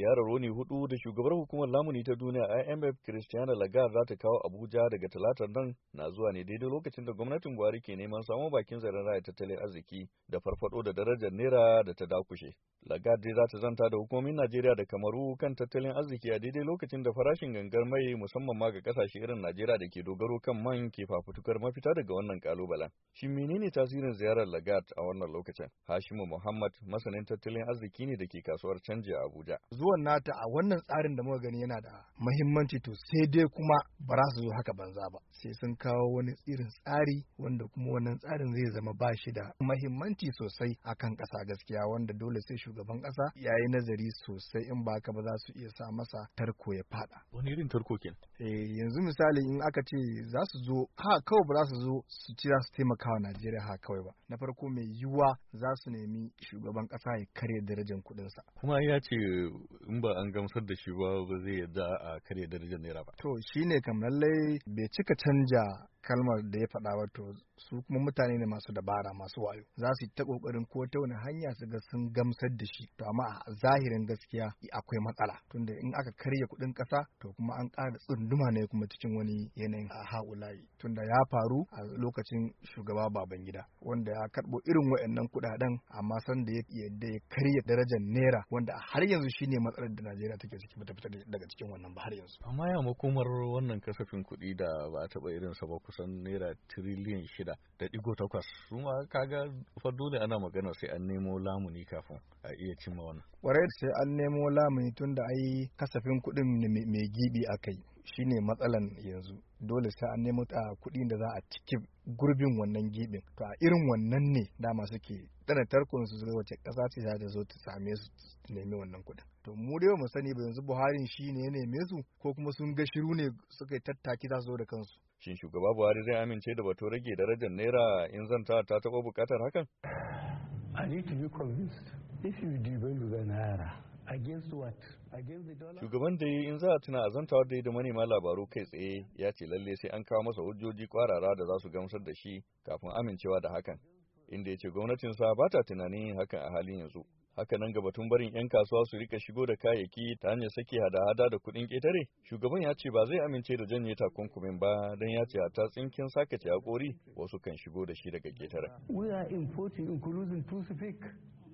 ziyarar wani hudu da shugabar hukumar lamuni ta duniya IMF Christiana Lagarde za ta kawo Abuja daga talatar nan na zuwa ne daidai lokacin da gwamnatin Buhari ke neman samo bakin zaren raya tattalin arziki da farfado da darajar naira da ta dakushe. Lagarde za ta zanta da hukumomin Najeriya da Kamaru kan tattalin arziki a daidai lokacin da farashin gangar mai musamman ma ga kasashe irin Najeriya da ke dogaro kan man ke fafutukar mafita daga wannan kalubalen. Shi menene tasirin ziyarar Lagarde a wannan lokacin? Hashimu Muhammad masanin tattalin arziki ne da ke kasuwar canji a Abuja. Zuwa rayuwar nata a wannan tsarin da muka gani yana da mahimmanci to sai dai kuma ba za su zo haka banza ba sai sun kawo wani irin tsari wanda kuma wannan tsarin zai zama ba shi da mahimmanci sosai a kan ƙasa gaskiya wanda dole sai shugaban ƙasa ya yi nazari sosai in ba haka ba za su iya sa masa tarko ya fada. Wani irin tarko ke Eh yanzu misali in aka ce za su zo ha kawai ba za su zo su ci za su taimaka wa Najeriya ha kawai ba. Na farko mai yiwuwa za su nemi shugaban ƙasa ya karya darajar kuɗinsa. Kuma ya ce in ba an gamsar da shi ba ba zai yarda a karya darajar naira ba. To ne kam lallai bai cika canja kalmar da ya faɗa to su kuma mutane ne masu dabara masu wayo za su yi ta kokarin ko ta wani hanya su ga sun gamsar da shi to amma a zahirin gaskiya akwai matsala tunda in aka karya kuɗin ƙasa to kuma an ƙara tsunduma ne kuma cikin wani yanayin a haulayi tunda ya faru a lokacin shugaba babangida wanda ya karɓo irin wayannan kuɗaɗen amma san da ya ya karya darajar naira wanda har yanzu shine matsalar da Najeriya take ciki bata fita daga cikin wannan ba har yanzu amma ya makomar wannan kasafin kuɗi da ba a taɓa irin sa ba kusan naira tiriliyan shida da ɗigo takwas su ma kaga fa dole ana magana sai an nemo lamuni kafin a iya cimma wannan Ware sai an nemo lamuni tunda da ai kasafin kuɗin mai gibi a kai shi ne matsalan yanzu dole sai an nemo ah, kuɗi da za a ciki gurbin wannan gibin to a irin wannan ne dama suke tana tarkon su wace ƙasa ce za ta zo ta same su nemi wannan kuɗin to mu dai mu sani ba yanzu Buhari shi ne ya neme su ko kuma sun ga shiru ne suka tattaki za su zo da kansu shin shugaba Buhari zai amince da bato rage darajar naira in zanta ta taɓa buƙatar hakan I need to be convinced if you devalue the naira Shugaban da in za a tuna azantawar da da manema labaru kai tsaye ya ce lalle sai an kawo masa hujjoji kwarara da za su gamsar da shi kafin amincewa da hakan. Inda ya ce gwamnatinsa ba ta tunanin yin hakan a halin yanzu. haka nan ga batun barin 'yan kasuwa su rika shigo da kayayyaki ta hanyar saki hada-hada da kuɗin ƙetare shugaban ya ce ba zai amince da janye takunkumin ba don ya ce a ta tsinkin sake a wasu kan shigo da shi daga ƙetare.